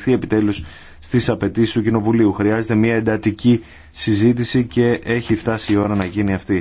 ανταποκριθεί επιτέλους στις απαιτήσεις του Κοινοβουλίου. Χρειάζεται μια εντατική συζήτηση και έχει φτάσει η ώρα να γίνει αυτή.